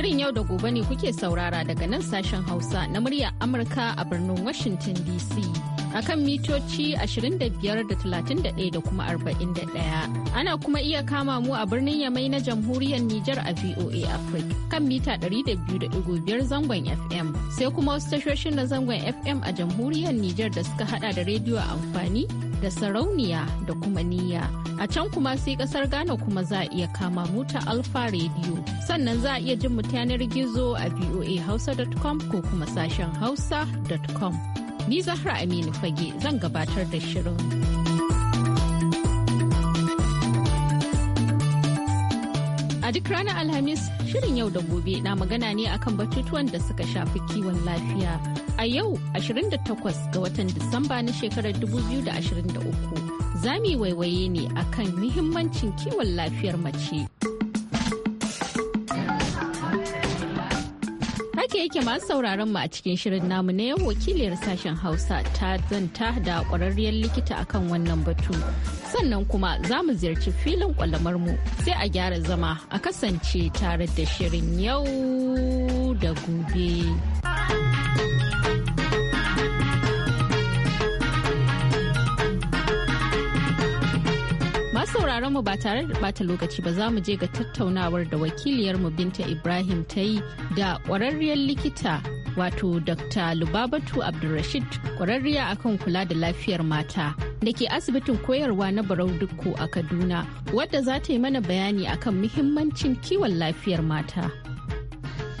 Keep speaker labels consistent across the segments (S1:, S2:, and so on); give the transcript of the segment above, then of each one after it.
S1: Shirin yau da gobe ne kuke saurara daga nan sashen Hausa na murya Amurka a birnin Washington DC. kan mitoci 25.31 da kuma 41. Ana kuma iya kama mu a birnin Yamai na jamhuriyar Nijar a VOA Africa kan mita 200.5 zangon FM. Sai kuma wasu tashoshin na zangon FM a jamhuriyar Nijar da suka hada da rediyo a amfani da sarauniya da kuma niyya. A can kuma sai kasar Ghana kuma za a iya kama muta Alfa Radio. Sannan za a iya jin mu gizo a voahausa.com ko kuma sashen hausa.com. Ni Zahra Aminu Fage zan gabatar da shirin. A duk ranar Alhamis, shirin yau da gobe na magana ne akan batutuwan da suka shafi kiwon lafiya. A yau 28 ga watan Disamba na shekarar 2023 za mu waiwaye ne akan muhimmancin kiwon lafiyar mace. Haka yake masu sauraron mu a cikin shirin namu na yau wakiliyar sashen Hausa ta zanta da ƙwararriyar likita a kan wannan batu. Sannan kuma za mu ziyarci filin kwalamar mu sai a gyara zama a kasance tare da shirin yau da gobe. sauraron mu ba tare da bata lokaci ba za mu je ga tattaunawar da wakiliyar mu Binta Ibrahim ta yi da kwararriyar likita wato Dr. Lubabatu Abdulrashid kwararriya akan kula da lafiyar mata da ke asibitin koyarwa na Barau Dukko a Kaduna wadda za ta yi mana bayani akan muhimmancin kiwon lafiyar mata.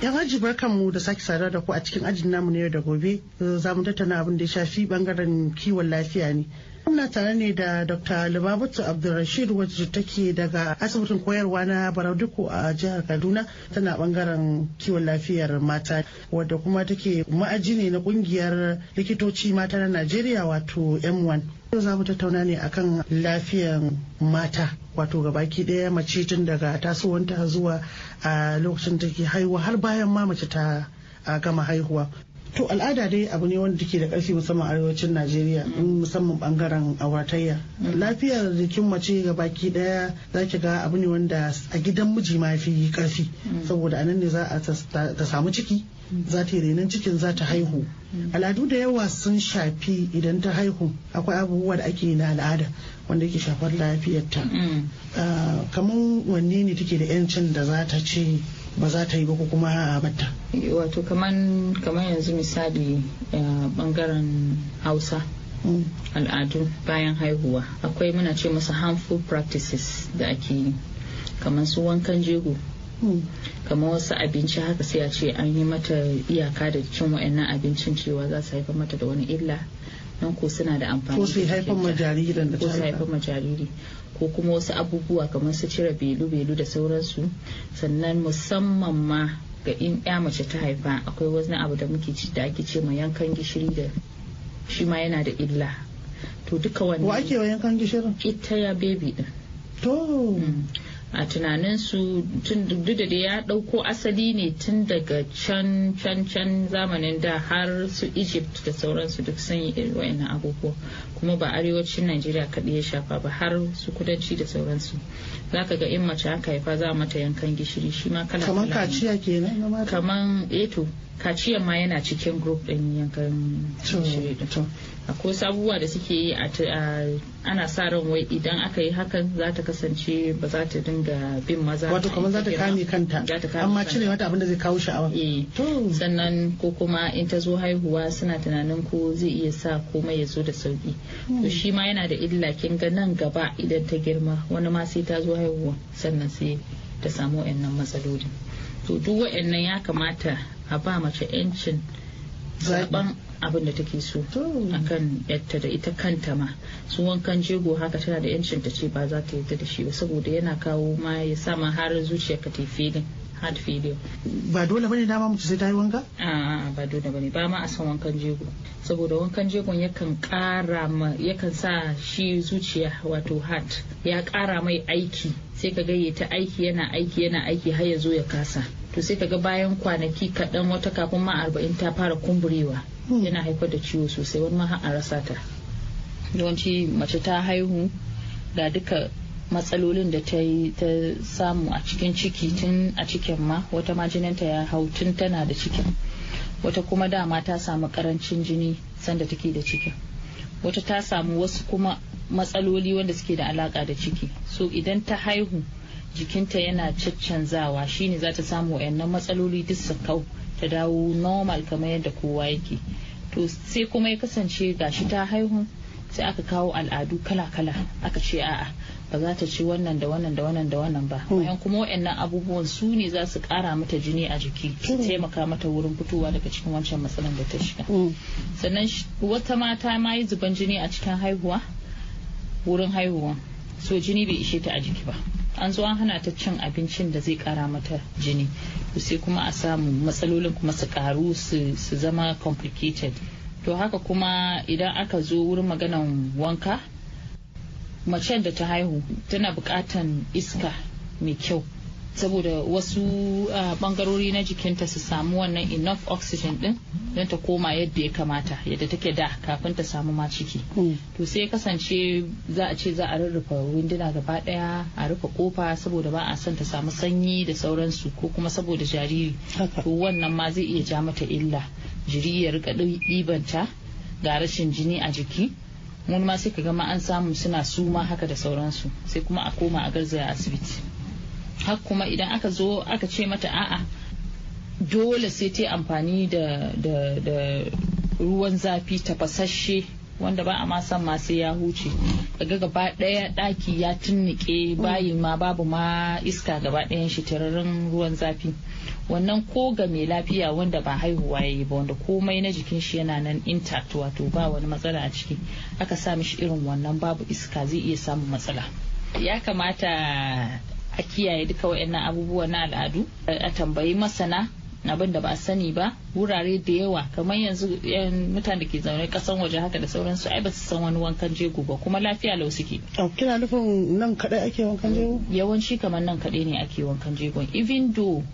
S2: yan aji barkanmu da sake sadar da ku a cikin ajin namu na yau da gobe za mu tattauna abin da ya shafi bangaren kiwon lafiya ne Muna tare ne da Dr. Lubabatu Abdulrashid wacce take daga asibitin koyarwa na duku a jihar Kaduna tana bangaren kiwon lafiyar mata wadda kuma take ma'aji ne na kungiyar likitoci mata na Najeriya wato M1. Yau za mu tattauna ne akan lafiyar mata wato gabaki ɗaya mace tun daga tasowanta zuwa a lokacin take haihuwa har bayan ma mace ta gama haihuwa. to al'ada dai abu ne wanda take da ƙarfi musamman arewacin najeriya musamman bangaren auratayya lafiyar jikin mace ga baki ɗaya za ki ga abu ne wanda a gidan miji ma fi ƙarfi saboda anan ne za a ta samu ciki za ta yi renon cikin za ta haihu al'adu da yawa sun shafi idan ta haihu akwai abubuwa da ake na al'ada wanda yake shafar lafiyarta mm. ah, kamar wanne ne take da 'yancin da za ta ce ba
S3: za ta yi ba ko kuma a batta. wato kamar yanzu misali eh, bangaren hausa mm. al'adu bayan haihuwa akwai muna ce masa harmful practices da ake yi kamar su wankan jego mm. kamar wasu abinci haka sai a ce an yi mata iyaka da cin wa'annan abincin cewa za su haifar mata da wani illa nan ko suna da amfani ko su ko su haifar ma jariri ko kuma wasu abubuwa kamar su cire belu-belu da sauransu sannan musamman ma ga in ya mace ta haifa akwai wani abu da muke da ake ce ma yankan gishiri da shi ma yana da illa to duka wani. wa ake wa yankan gishirin ita ya bebi din to mm. a tunanin tunaninsu duk da ya ɗauko asali ne tun daga can can can zamanin da har su egypt da sauransu duk sun yi abubuwa kuma ba arewacin najeriya kaɗai ya shafa ba har su kudanci da sauransu za ka ga in mace aka haifa za mata yankan gishiri shi ma kala kaman kaciya kenan kaman eto eh kaciyan ma yana cikin group ɗin yankan gishiri akwai sabuwa da suke yi ana sa ran wai idan aka yi hakan za ta kasance ba za ta dinga bin maza wato kamar za ta kame kanta amma cire mata abin da zai kawo sha'awa eh. sannan ko kuma in ta zo haihuwa suna tunanin ko zai iya sa komai ya zo da sauki to hmm. shi ma yana da illa kin ga nan gaba idan ta girma wani ma sai ta zo haihuwa sannan sai ta samu wayannan matsaloli to duk wayannan ya kamata a ba mace 'yancin zaben abin da take so akan yadda da ita kanta ma su wankan jego haka tana da yancin ta ce ba za ta yadda da shi ba saboda yana kawo ma ya sa ma har zuciya ka ta filin hard failure ba dole bane dama mutu sai ta yi wanka a ba dole bane ba ma a san wankan jego saboda wankan jegon yakan kara ma yakan sa shi zuciya wato heart ya kara mai aiki sai ka gayyata aiki yana aiki yana aiki har ya zo ya kasa to sai kaga bayan kwanaki kaɗan wata kafin ma arba'in ta fara kumburewa hmm. yana haifar da ciwo sosai wani ma an rasa ta yawanci mace ta haihu ga duka matsalolin da ta yi ta samu a cikin ciki tun a cikin ma wata ma jininta ya hau tun tana da cikin wata kuma dama ta samu karancin jini sanda take da cikin wata ta samu wasu kuma matsaloli wanda suke da alaka da ciki so idan ta haihu jikinta yana caccanzawa shine za ta samu wayannan matsaloli duk su kau ta dawo normal kamar yadda kowa yake to sai kuma ya kasance ga shi ta haihu sai aka kawo al'adu kala-kala aka ce a'a ba za ta ci wannan da wannan da wannan da wannan ba hmm. bayan kuma waɗannan abubuwan su ne za su ƙara mata jini a jiki su hmm. taimaka mata wurin fitowa daga cikin wancan matsalan da ta shiga hmm. sannan wata mata ma yi zuban jini a cikin haihuwa wurin haihuwa so jini bai ishe ta a jiki ba an zo an hana ta cin abincin da zai kara mata jini sai kuma a samu matsalolin kuma su karu su zama complicated to haka kuma idan aka zo wurin maganan wanka macen da ta haihu tana bukatan iska mai kyau saboda wasu bangarori ah, na jikinta su samu wannan enough oxygen din don ta koma yadda ya kamata yadda take da kafin ta samu ma ciki mm. to sai kasance za a ce za a rarrufa winduna gaba daya a rufe kofa saboda ba a son ta samu sanyi da sauransu ko kuma saboda jariri to wannan ma zai iya ja mata illa jiri ya rika ɗibanta ga rashin jini a jiki wani ma sai ka gama an samu suna suma haka da sauransu sai kuma a koma a garzaya asibiti har kuma idan aka zo aka ce mata a'a dole sai ta amfani da, da, da ruwan zafi tafasasshe wanda ba a ma san ma sai ya huce daga gaba ɗaya ɗaki ya tunnike bayin ma babu ma iska gaba ɗayan shi tararin ruwan zafi wannan ko ga mai lafiya wanda ba haihuwa ya yi ba wanda komai na jikin shi yana nan intact wato ba wani matsala a ciki aka sa mishi irin wannan babu iska zai iya samun matsala ya kamata a kiyaye duka waɗannan abubuwa na al'adu a tambayi masana abin da ba sani ba wurare da yawa kamar yanzu yan mutane da ke zaune kasan waje haka da sauransu ai ba su san wani wankan jego ba kuma lafiya lau suke. kina nufin nan kadai ake wankan jego? yawanci kamar nan kadai ne ake wankan jego even though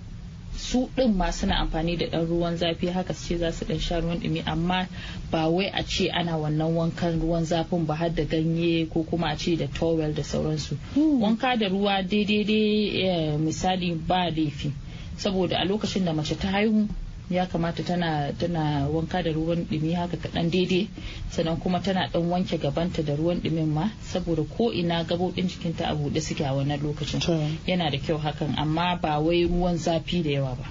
S3: su ɗin ma suna amfani da ɗan ruwan zafi haka su ce za su ɗan sha ruwan ɗumi amma ba wai a ce ana wannan wankan ruwan zafin ba har da ganye ko kuma a ce da towel da sauransu hmm. wanka da ruwa daidai eh, misali ba laifi saboda a lokacin da mace ta haihu ya kamata tana tana wanka da ruwan dumi haka kaɗan daidai sannan kuma tana ɗan wanke gabanta da ruwan ɗumin ma saboda ko ina gabobin jikinta a buɗe suke a wannan lokacin yana da kyau hakan amma ba wai ruwan zafi da yawa ba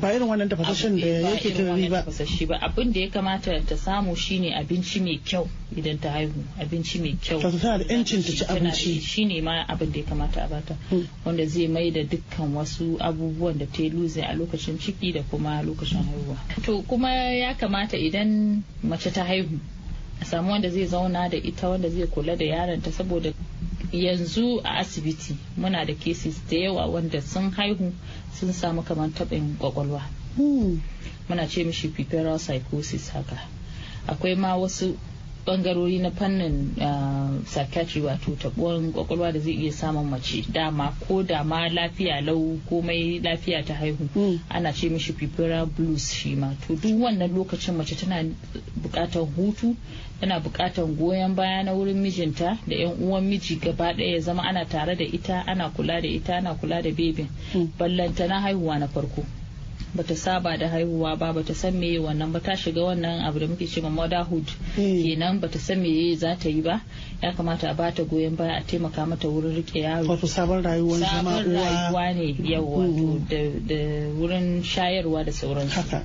S3: ba irin wannan tafasashen da yake tunani ba ba abin da ya kamata ta samu shine abinci mai kyau idan ta haihu abinci mai kyau ta
S2: tana da yancin ta ci abinci
S3: shine ma abin da ya kamata a bata hmm. wanda zai mai da dukkan wasu abubuwan da ta luze a lokacin ciki da kuma lokacin haihuwa to kuma ya kamata idan mace ta haihu a samu wanda zai zauna da ita wanda zai kula da yaron ta saboda yanzu a asibiti muna da cases da yawa wanda sun haihu sun samu kamar taɓin kwakwalwa hmm. muna ce mishi preparal psychosis haka akwai ma wasu bangarori na fannin uh, psychiatry wato tabuwan kwakwalwa da zai iya samun mace dama ko dama lafiya lau komai lafiya ta haihu hmm. ana ce mishi pipera blues shi ma to duk wannan lokacin mace tana bukatar hutu tana bukatar goyon baya na wurin mijinta da yan uwan miji gaba ɗaya ya zama ana tare da ita ana kula da ita ana kula da bebin hmm. ballanta na haihuwa na farko bata saba da haihuwa ba bata san meye wannan ba ta shiga wannan abu da muke cewa motherhood hmm. kenan bata san meye za ta yi ba ya kamata a bata goyon baya a taimaka mata wurin rike yaro wato sabon rayuwar rayuwa ne yau hmm. da wurin shayarwa da sauransu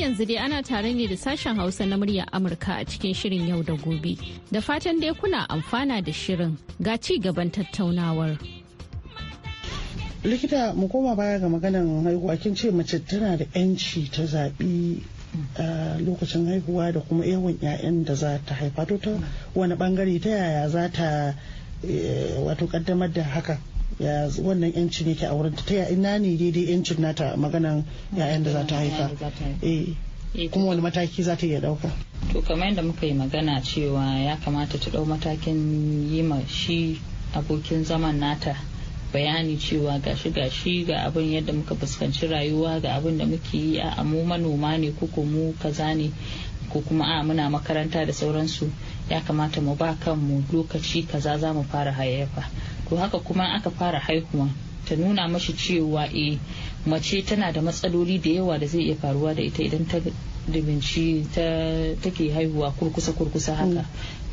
S1: yanzu dai ana tare ne da sashen Hausa na muryar Amurka a cikin shirin yau da gobe. Da fatan dai kuna amfana da shirin ga ci gaban tattaunawar.
S2: Likita mu koma baya ga maganan haihuwa kin ce mace tana da 'yanci ta zaɓi lokacin haihuwa da kuma yawan 'ya'yan da za ta haifa ta wani bangare ta yaya za ta eh, wato kaddamar da hakan. ya wannan yancin yake a wurin ta ina ne daidai yancin nata maganan yayan da za ta haifa
S3: eh. Eh, kuma wani mataki za ta iya dauka to kamar yadda muka yi magana cewa ya kamata ta dau matakin yi ma shi abokin zaman nata bayani cewa gashi gashi ga abin yadda muka fuskanci rayuwa ga abin da muke yi a mu manoma ne ko mu kaza ne ko kuma a muna makaranta da sauransu ya kamata mu ba kanmu lokaci kaza za mu fara hayayyafa to haka kuma aka fara haihuwa ta nuna mashi cewa e mace tana da matsaloli da yawa da zai iya faruwa da ita idan ta dubinci ta take haihuwa kurkusa kurkusa haka mm.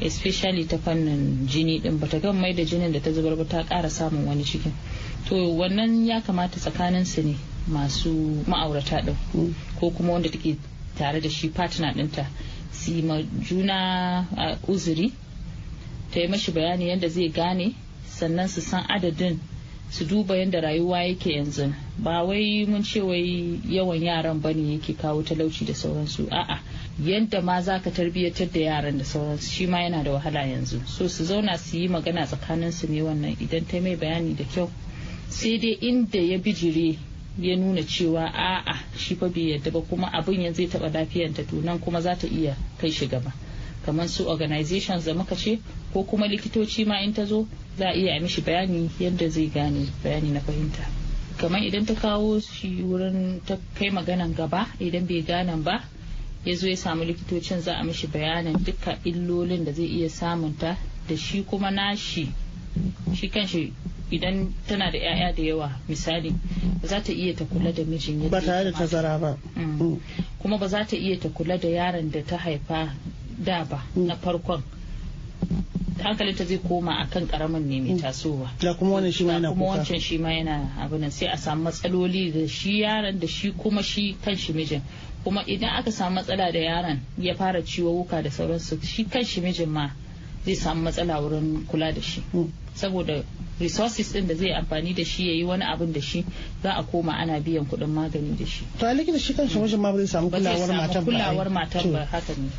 S3: especially ta fannin jini din bata gan mai da jinin da ta zubar ba ta kara samun wani cikin to wannan ya kamata tsakanin su ne masu ma'aurata din mm. ko kuma wanda take tare da shi partner dinta su ma juna uzuri ta yi mashi bayani yadda zai gane sannan su san adadin su duba yadda rayuwa yake yanzu ba wai mun ce wai yawan yaran bane yake kawo talauci da sauransu a'a yadda ma za ka tarbiyyatar da yaran da sauransu shi ma yana da wahala yanzu so su zauna su yi magana tsakanin su ne wannan idan ta mai bayani da kyau sai dai inda ya bijire ya nuna cewa a'a shi fa bai yadda ba kuma abin yanzu zai taba lafiyanta to nan kuma za ta iya kai shi gaba kamar su organizations da muka ce ko kuma likitoci ma in ta zo za a iya mishi bayani yadda zai gane bayani na fahimta kamar idan ta kawo shi wurin ta kai maganan gaba idan bai gane ba ya zo ya samu likitocin za a mishi bayanin duka illolin da zai iya samunta da shi kuma nashi shi kanshi idan tana da 'ya'ya da yawa misali ba za ta iya ta kula da mijin yadda ba ba mm. Mm. kuma ba za ta iya ta kula da yaron da ta haifa da ba mm. na farkon ta zai koma a kan karamin ne mai mm. tasowa da kuma wannan shi ma yana kuma wancan shi ma yana abin nan sai a samu matsaloli da shi yaron da shi kuma shi kanshi mijin kuma idan aka samu matsala da yaron ya fara ciwo wuka da sauransu shi kanshi mijin ma zai samu matsala wurin kula da shi mm. saboda resources ɗin da zai amfani da shi ya yi wani abin da shi za a koma ana biyan kuɗin magani da shi to a likita shi kanshi mm.
S2: mijin ma ba zai samu kulawar matar ba kulawar ba
S3: haka ne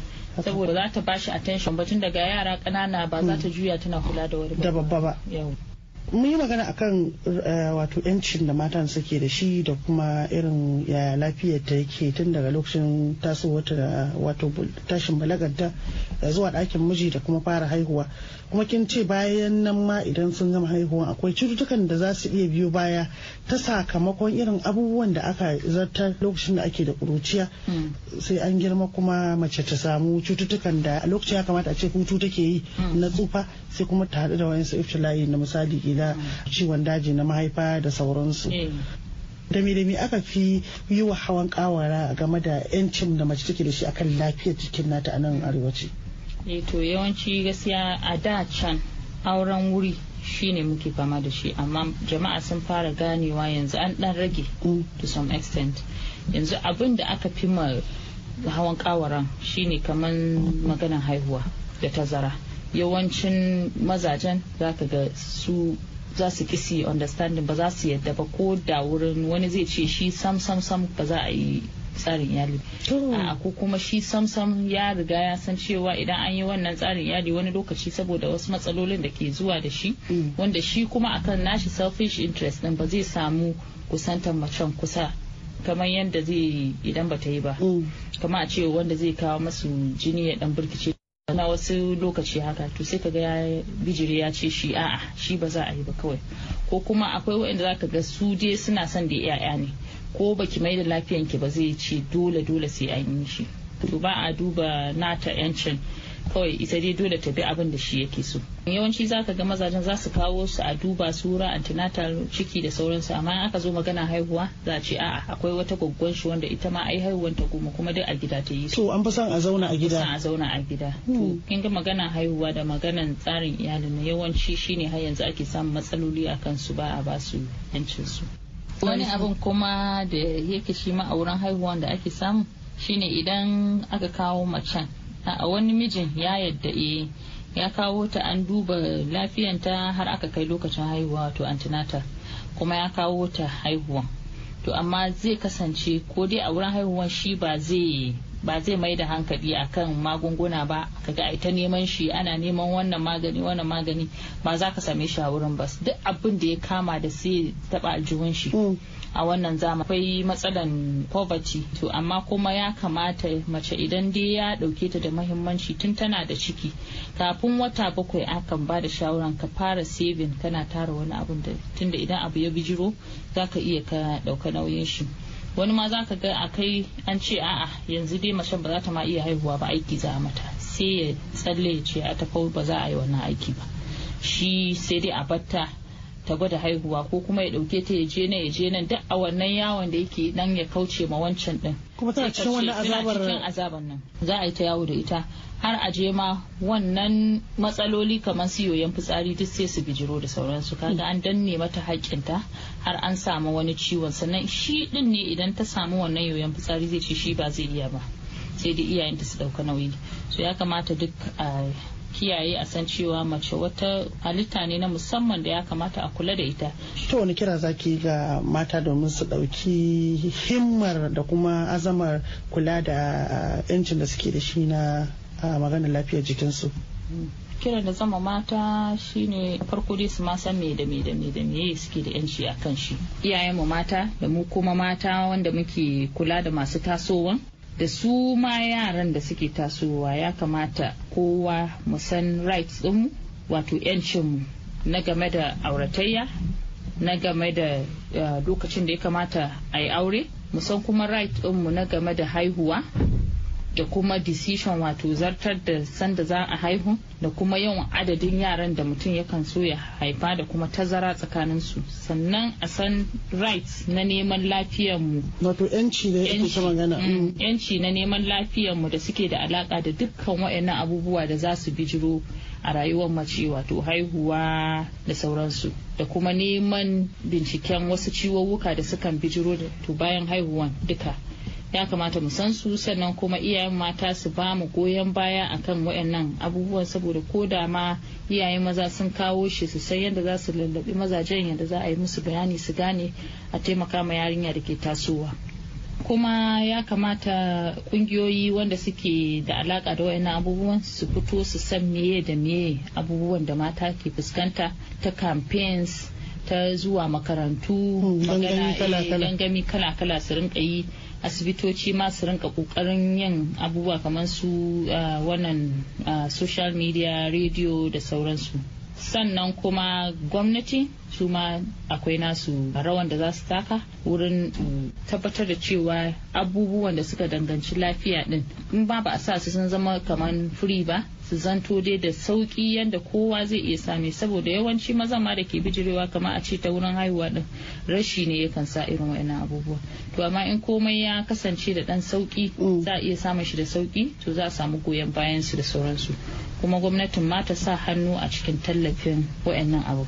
S3: saboda za ta bashi attention ba tun daga yara ƙanana ba za ta hmm. juya tana kula da wani da babba ba
S2: mun yi magana akan eh, wato yancin da matan suke da shi da kuma irin yaya lafiyar ta yake tun daga lokacin ta wato tashin balagarta eh, zuwa ɗakin miji da kuma fara haihuwa kuma kin ce bayan nan ma idan sun gama haihuwa akwai cututtukan da za su iya biyo baya ta sakamakon irin abubuwan da aka zartar lokacin da ake da kuruciya hmm. sai an girma kuma mace ta samu cututtukan da lokacin ya kamata a ce hutu take yi hmm. na tsufa sai kuma ta haɗu da wayansu layi na misali gida ciwon daji na mahaifa da sauransu Dami eh. dami aka fi yi wa hawan kawara game da 'yancin da mace take da shi akan lafiyar jikin nata a nan arewaci
S3: eh, to yawanci gaskiya a da can auren wuri shine muke fama da shi amma jama'a sun fara ganewa yanzu an dan rage mm. to some extent yanzu abin da aka fi ma hawan kawaran shine kamar maganan haihuwa da tazara yawancin mazajen zaka ga su za su kisi understanding ba za su yadda ba ko da wurin wani zai ce shi sam sam sam ba za a yi tsarin yali a ko kuma shi sam sam ya riga ya san cewa idan an yi wannan tsarin yali wani lokaci saboda wasu matsalolin da ke zuwa da shi mm. wanda shi kuma akan nashi selfish interest din ba zai samu kusantar macen kusa kamar yadda zai idan ba ta yi ba mm. kamar a ce wanda zai kawo masu jini ya dan burkice na wasu lokaci haka to sai kaga ya bijire ya ce shi a'a shi ba za a yi ba kawai ko kuma akwai waɗanda ka ga su dai suna son da yaya ne ko baki mai da lafiyanki ba zai ce dole dole sai an yi shi to ba a duba nata yancin kawai ita dai dole ta bi abin da shi yake so yawanci zaka ga mazajen za su kawo su a duba sura antenatal ciki da sauransu amma in aka zo magana haihuwa za a ce a'a akwai wata gwaggwan shi wanda ita ma ai haihuwan ta goma kuma dai a gida ta yi to an fi san a zauna a gida a zauna a gida to hmm. kin ga magana haihuwa da maganan tsarin iyali na yawanci shine har yanzu ake samun matsaloli akan su ba a ba su yancin su wani abin kuma da yake shi ma auren haihuwan da ake samu shine idan aka kawo macen a wani mijin ya yadda e ya kawo ta an duba lafiyanta har aka kai lokacin haihuwa to antinata kuma ya kawo ta haihuwan to amma zai kasance ko dai a wurin haihuwan shi ba zai ba zai mai da hankali a kan magunguna ba kaga ai ita neman shi ana neman wannan magani wannan magani ba za ka same shi a wurin ba duk abin da ya kama da sai taba aljihun shi mm. a wannan zama akwai matsalan poverty to amma kuma ya kamata mace idan dai ya dauke ta da mahimmanci tun tana da ciki kafin wata bakwai akan ba da shawaran ka fara saving kana tara wani abun da tunda idan abu ya bijiro za ka iya ka dauka nauyin shi wani ma za ka ga a kai an ce a'a yanzu dai macen ba za ta ma iya haihuwa ba aiki za a mata sai ya tsalle ya ce a tafau ba za a yi wannan aiki ba shi sai dai a batta ta gwada haihuwa ko kuma ya dauke ta ya je nan ya je nan duk a wannan yawon da yake dan ya kauce ma wancan din kuma tana cikin wannan azabar azabar nan za a yi ta yawo da ita har a je ma wannan matsaloli kamar su yoyon fitsari duk sai su bijiro da sauransu kaga an danne mata ta har an samu wani ciwon sannan shi din ne idan ta samu wannan yoyon fitsari zai ce shi ba zai iya ba sai dai iyayenta su dauka nauyi so ya kamata duk a kiyaye a san cewa mace wata halitta ne na musamman da ya kamata a kula da ita. To wani kira
S2: zaki ga mata domin su ɗauki himmar da kuma azamar kula da ah, 'yancin da suke da shi na ah, maganar lafiyar jikinsu.
S3: kiran da zama mata shine farko dai su ma san me da me da me da me suke da yanci a kan shi iyayen mu mata da mu kuma mata wanda muke kula da masu tasowan da su ma yaran da suke tasowa ya kamata kowa mu san rights ɗinmu wato 'yancinmu na game da auratayya na game da eh, lokacin da ya kamata a yi aure san kuma rights ɗinmu na game da haihuwa da kuma decision wato zartar da sanda za a haihu da kuma yawan adadin yaran da mutum yakan so ya haifa da kuma tazara tsakanin su sannan a san rights na neman lafiyar mu wato yanci yake magana yanci mm, mm. na neman lafiyar mu da suke da alaka da dukkan waɗannan abubuwa da za su bijiro a rayuwar mace wato haihuwa da sauransu da kuma neman binciken wasu ciwowuka da sukan bijiro da bayan haihuwan duka ya kamata mu san su sannan kuma iyayen mata su ba mu goyon baya akan waɗannan abubuwan saboda ko da ma iyayen maza sun kawo shi su san yadda za su lallabi mazajen yadda za a yi musu bayani su gane a taimaka ma yarinya da ke tasowa kuma ya kamata kungiyoyi wanda suke da alaka da wayannan abubuwan su fito su san meye da meye abubuwan da mata ke fuskanta ta campaigns ta zuwa makarantu hmm, eh, gangami kala-kala su rinka yi asibitoci masu su rinka kokarin yin abubuwa kamar su ah, wannan ah, social media radio da sauransu sannan kuma gwamnati su ma akwai nasu rawan da za su taka wurin tabbatar da cewa abubuwan da suka danganci lafiya din in ba ba a sa su sun zama kamar free ba su zanto dai da sauki yadda kowa zai iya same saboda yawanci maza ma da ke bijirewa kamar a ce ta wurin haihuwa din rashi ne yakan sa irin wa'annan abubuwa to amma in komai ya kasance da dan sauki mm. za a iya samun shi da sauki to za a samu goyon bayan su da sauransu kuma gwamnatin ma ta sa hannu a cikin tallafin wa'annan abu.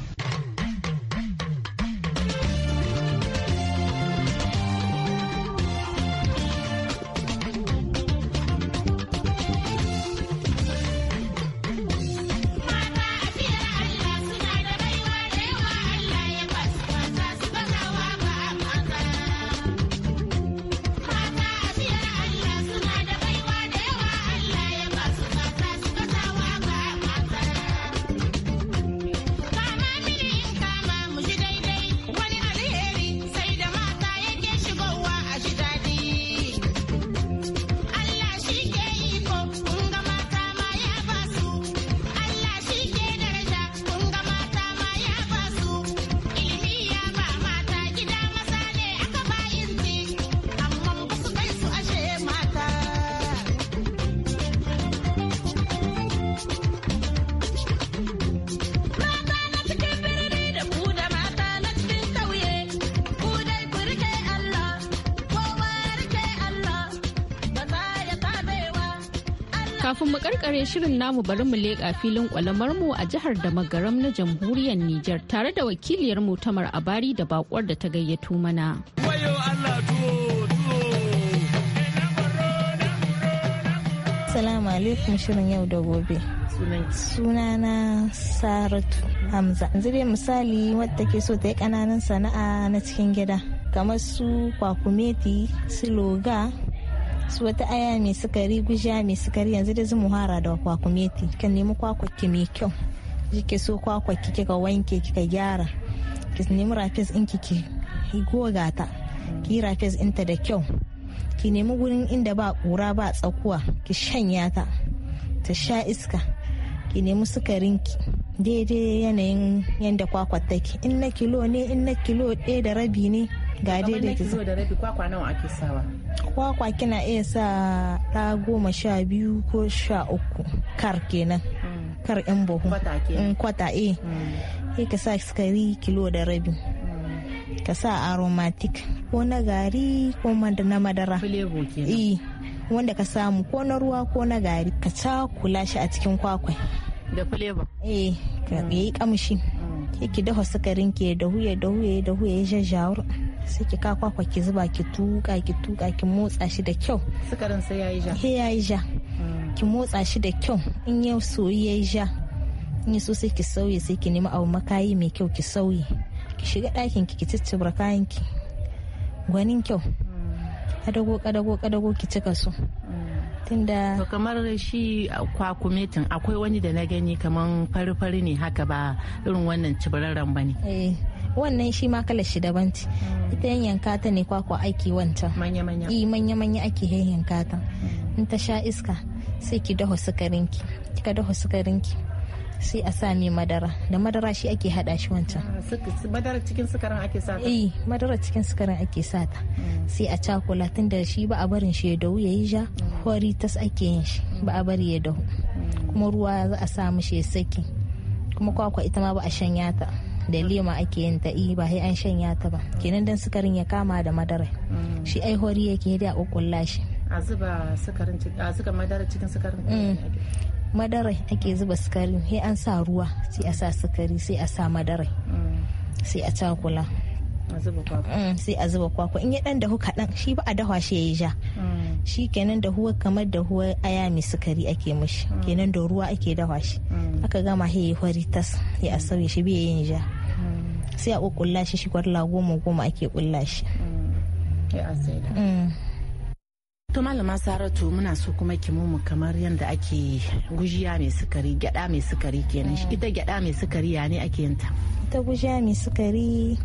S1: Kafin mu karkare shirin namu bari mu leƙa filin mu a jihar Damagaram na jamhuriyar Nijar tare da wakiliyar mu Tamar Abari da bakwar
S4: da ta gayyato mana. Salamu alaikum shirin yau da gobe. Sunana Saratu Hamza. Yanzu dai misali wadda ke so ta yi kananan sana'a na cikin gida. kamar su kwakumeti su su wata aya mai sukari guja mai sukari yanzu da zumu hara da kwakumeti kan nemi kwakwaki mai kyau kike so kwakwaki kika wanke kika gyara ki nemi rafes in ki goga ta ki rafes inta da kyau ki nemi gurin inda ba kura ba tsakuwa ki shanya ta ta sha iska ki nemi ki daidai yanayin yadda kwakwa take in na kilo ne in na kilo ɗaya da rabi ne ga daidai ki zo da rabi
S5: kwakwa nawa ake sawa
S4: kwakwa kina iya sa ta goma sha biyu ko sha uku kar kenan mm. kar yan buhu kwata e sai ka sa sukari kilo da rabi ka sa aromatic ko na gari ko na madara eh, wanda ka samu ko na ruwa ko na gari ka cakula shi a cikin kwakwai da flavor eh ka yi kamshi ki dafa sukarin ke da huye da huye da huye ya jajjawar sai ki ka kwakwa ki zuba ki tuka ki tuka ki motsa shi da kyau sukarin sai yayi ja sai yayi ja mm. ki motsa shi da kyau in ya soyi yayi ja in so sai ki sauye sai ki nemi abu makayi mai kyau ki sauye ki shiga ɗakin ki ki ciccibra kayan ki gwanin kyau mm. kadago kadago kadago ki cika su mm. tunda
S5: to kamar shi kwakumetin akwai wani da na gani kamar fari-fari ne haka ba irin wannan cibararren ba ne
S4: eh. wannan shi ma kalar shi daban ce hmm. ita yan yanka ta ne kwakwa aiki wancan manya manya i eh, manya manya ake yanyanka ta hmm. in ta sha iska sai ki daho ki kika daho ki. sai a sa mai madara da madara shi ake hada shi wancan ah,
S5: madara cikin sukarin ake sata eh
S4: madara cikin sukarin ake sata hmm. sai a cakula tun da shi ba a barin shi ya dahu ya yi ja hori tas ake yin shi ba a bari ya dahu kuma ruwa za a sa mishi ya saki kuma kwakwa ita ma ba a shanya ta da lima ake yin ta eh, ba sai an shanya ta ba kenan dan sukarin ya kama da madara mm. shi ai hori yake da kokulla shi
S5: a zuba sukarin a zuba madara cikin sukarin mm.
S4: madara ake zuba sukari sai an sa ruwa sai a sa sukari sai a sa madara mm. sai a cakula sai a zuba kwakwa in ya dan dahu kaɗan shi ba a dahwa shi ya yi ja shi kenan huwa kamar huwa aya mai sukari ake mishi kenan da ruwa ake dahwa shi aka gama ya yi hori tas ya a sauya shi bai yin ja sai a ƙulla shi shigar kwarla goma goma ake ƙulla shi mm. mm. to malama
S5: saratu muna so kuma ki mu kamar yadda ake gujiya mai sukari gyada mai sukari kenan shi mm. ita gyada mai sukari ya ne ake yanta.
S4: ita gujiya mai sukari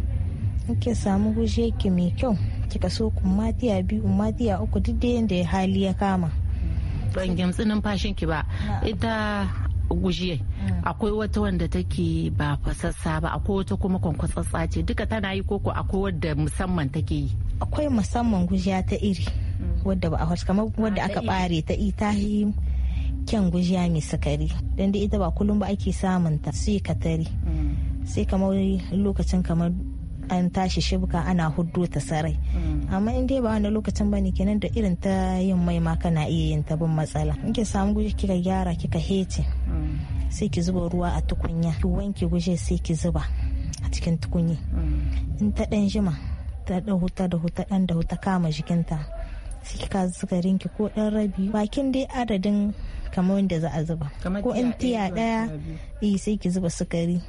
S4: muke samu gujiya ki mai kyau kika so kumatiya biyu kumatiya uku duk da yadda hali ya kama
S5: ban gyamtsi numfashin ki ba ita gujiya mm. akwai wata wanda take ba fasassa ba akwai wata kuma kwankwasassa ce duka tana yi koko akwai wadda musamman
S4: take yi akwai musamman gujiya ta iri mm. wadda ba a wasu kamar ah, wadda aka bare ta ita yi kyan gujiya mai sakari don da ita ba kullum ba ake samun ta sai ka tare mm. sai kamar lokacin kamar an tashi shibka ana huddo ta sarai amma in dai ba wani lokacin bane kenan da irin ta yin mai ma kana iya yin ta bin matsala in ke samu gujiya kika gyara kika hece sai ki zuba ruwa a tukunya ki wanke guje sai ki zuba a cikin tukunya in ta dan jima ta da huta da huta dan da huta kama jikinta sai ki sukarin ki ko dan rabi bakin dai adadin kamar wanda za a zuba ko in tiya daya eh, sai ki zuba sukari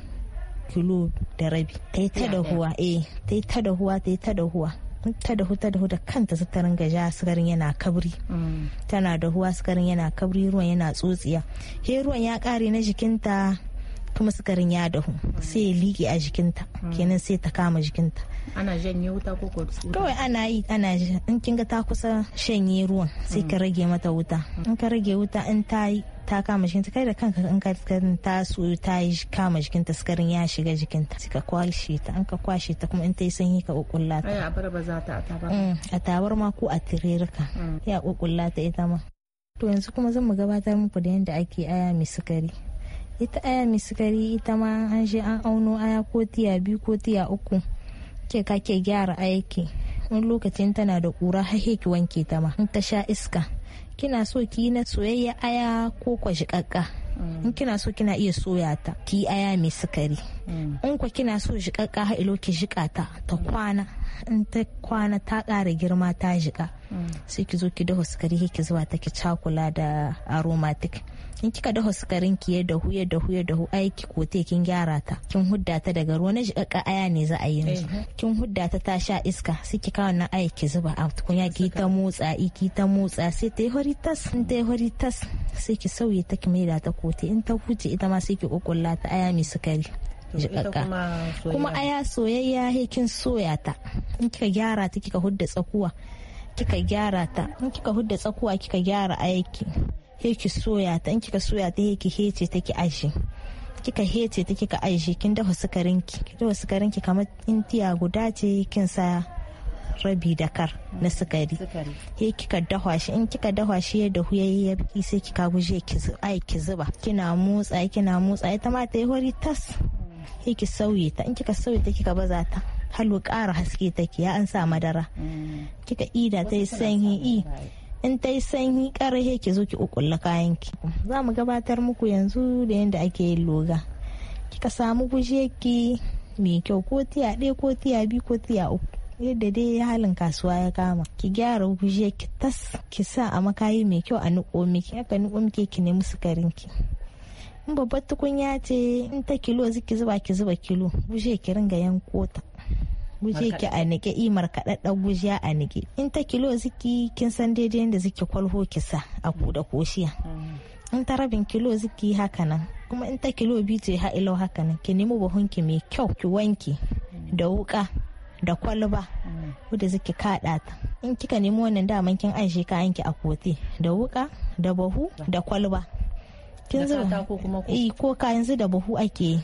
S4: kilo da rabi ta yi ta huwa. eh ta yi ta huwa. ta yi ta huwa. ta dahu ta dahu da kanta ta ringa ja sukarin yana kabri mm. tana da dahuwa sukarin yana kabri ruwan yana tsotsiya he ruwan ya kare na jikinta kuma sukarin ya dahu sai ya liƙe a jikinta mm. kenan sai ta kama jikinta
S5: ana janye wuta ko ko kawai
S4: ana yi ana in kinga ta kusa shanye ruwan sai ka mm. rage mata wuta in ka rage wuta in ta yi ta kama jikinta kai da kanka in ka ta su ta kama jikinta sukarin ya shiga jikinta suka kwashe ta an ka kwashe ta kuma in ta yi sanyi ka kukulla ta a bar ba za ta mm, a tabar ma ko a tirerika mm. ya kukulla ta ita ma to yanzu kuma zan mu gabatar muku da yadda ake aya mai sukari ita aya mai sukari ita ma an je an auno aya ko tiya biyu ko tiya uku ke kake gyara aiki wani lokacin tana da kura har ki wanke ta ma in ta sha iska kina so ki na soyayya aya ko kwashikakka mm. in kina so kina iya soya ta ki aya mai sukari mm. in kwa kina so jikakka ha ilo ki jika ta ta kwana in ta kwana ta ƙara girma ta jika mm. sai ki zo ki dafa sukari ki zuba ta ki cakula da aromatic in kika da sukarin ki ya dahu ya dahu ya dahu aiki ko kote kin gyara ta kin hudda ta daga ruwa na jiƙaƙƙa aya ne za a yi yanzu kin hudda ta ta sha iska sai ki kawo nan aiki zuba a tukunya ki ta motsa ki ta motsa sai ta yi hori tas in ta yi hori tas sai ki sauye ta ki maida ta kote in ta huce ita ma sai ki kokulla ta aya mai sukari jiƙaƙƙa kuma aya soyayya he kin soya ta in kika gyara ta kika hudda tsakuwa kika gyara ta in kika hudda tsakuwa kika gyara aiki he ki soya ta in kika soya ta he ki hece ta ki aji kika hece ta kika aji kin dafa sukarin ki kin dafa sukarin ki kamar in tiya guda ce kin sa rabi da kar na sukari he kika dafa shi in kika dafa shi ya dahu yayi ya biki sai kika guje ki ai ki zuba kina motsa kina motsa ita ma ta yi hori tas he ki sauye ta in kika sauye ta kika baza ta halu ƙara haske take ya an sa madara mm. kika ida ta yi sanyi i in ta yi sanyi ya ki zo ki ukulla kayan ki za mu gabatar muku yanzu da yadda ake yin loga kika samu guje ki mai kyau ko tiya ɗaya ko tiya biyu ko tiya uku yadda dai halin kasuwa ya kama ki gyara guje ki tas ki sa a makayi mai kyau a niƙo miki aka niƙo miki ki nemi sukarin ki in babbar tukunya ce in ta kilo ziki zuba ki zuba kilo guje ki ringa yanko ta guje ki a nike imar kaɗaɗɗar gujiya a nike in ta kilo ziki kin san daidai yadda ziki kwalho kisa a kuda koshiya in ta rabin kilo ziki haka nan kuma in ta kilo biyu ce ha ilau haka nan ki nemi buhunki mai kyau ki wanki da wuka da kwalba wadda ziki kaɗa ta in kika nemi wannan daman kin aishe kayanki a kote da wuka da buhu da kwalba kin zuba eh ko ka yanzu da buhu ake yi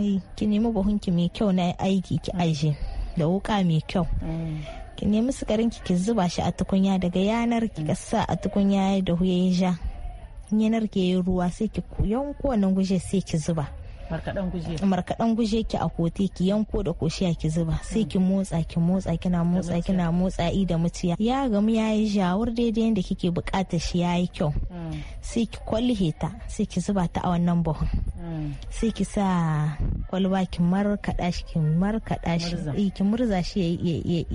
S4: eh, ki nemi buhunki mai kyau na aiki ki aje da wuka mai kyau mm. ki nemi sukarin ki ki zuba shi a tukunya daga yanar ki sa a tukunya da huye ja yanar ki yi ruwa sai ki yanko wannan guje sai ki zuba markaɗan guje ki a kote ki yanko da koshiya ki zuba sai ki mm. motsa ki motsa kina motsa kina motsa i da muciya ya gamu ya yi jawur daidai yadda kike bukatar shi ya yi kyau mm. sai ki kwalhe ta sai ki zuba ta a wannan buhun sai ki sa kwakwalwa ki markaɗa shi ki markaɗa shi eh, ki murza shi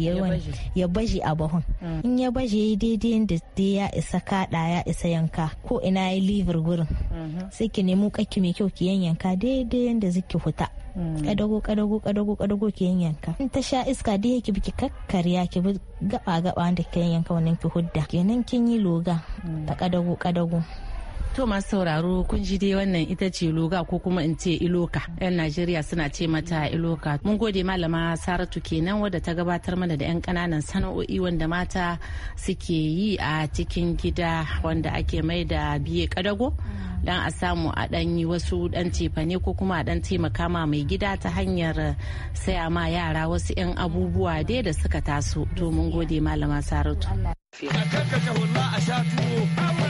S4: ya baje a bahon mm. in ya baje ya daidai da ya isa kaɗa ya isa yanka ko ina ya liver gurin mm-hmm. sai ki nemi kakki mai kyau ki yanyanka daidai yadda zaki huta kadago mm. kadago kadago kadago ki yanyanka in ta sha iska da yake biki kakkarya ki bi gaba gaba wanda ki yanka wannan ki hudda kenan kin yi loga mm. ta kadago kadago
S5: To masu sauraro kun ji dai wannan ita ce loga ko kuma in ce iloka. 'Yan Najeriya suna ce mata iloka. Mun gode malama Saratu kenan wadda ta gabatar mana da 'yan kananan sana'o'i wanda mata suke yi a cikin gida wanda ake mai da biye kadago. Dan a samu a dan yi wasu dan cefane ko kuma a dan taimaka ma mai gida ta hanyar saya ma yara wasu 'yan abubuwa
S1: dai da suka taso. To mun gode malama Saratu. a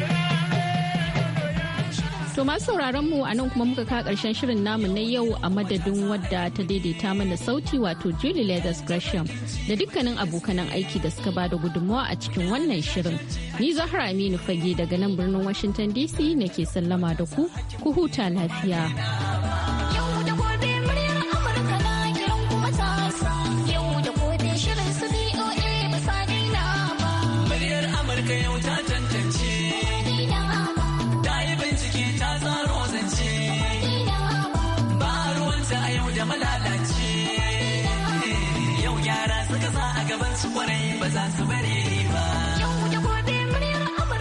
S1: To masu sauraron mu a nan kuma muka ka karshen shirin namu na yau a madadin wadda ta daidaita mana sauti wato Julie Leathers Gresham da dukkanin abokanan aiki da suka bada gudunmawa a cikin wannan shirin. Ni Zahra Aminu Fage daga nan birnin Washington DC nake sallama da ku, ku huta lafiya.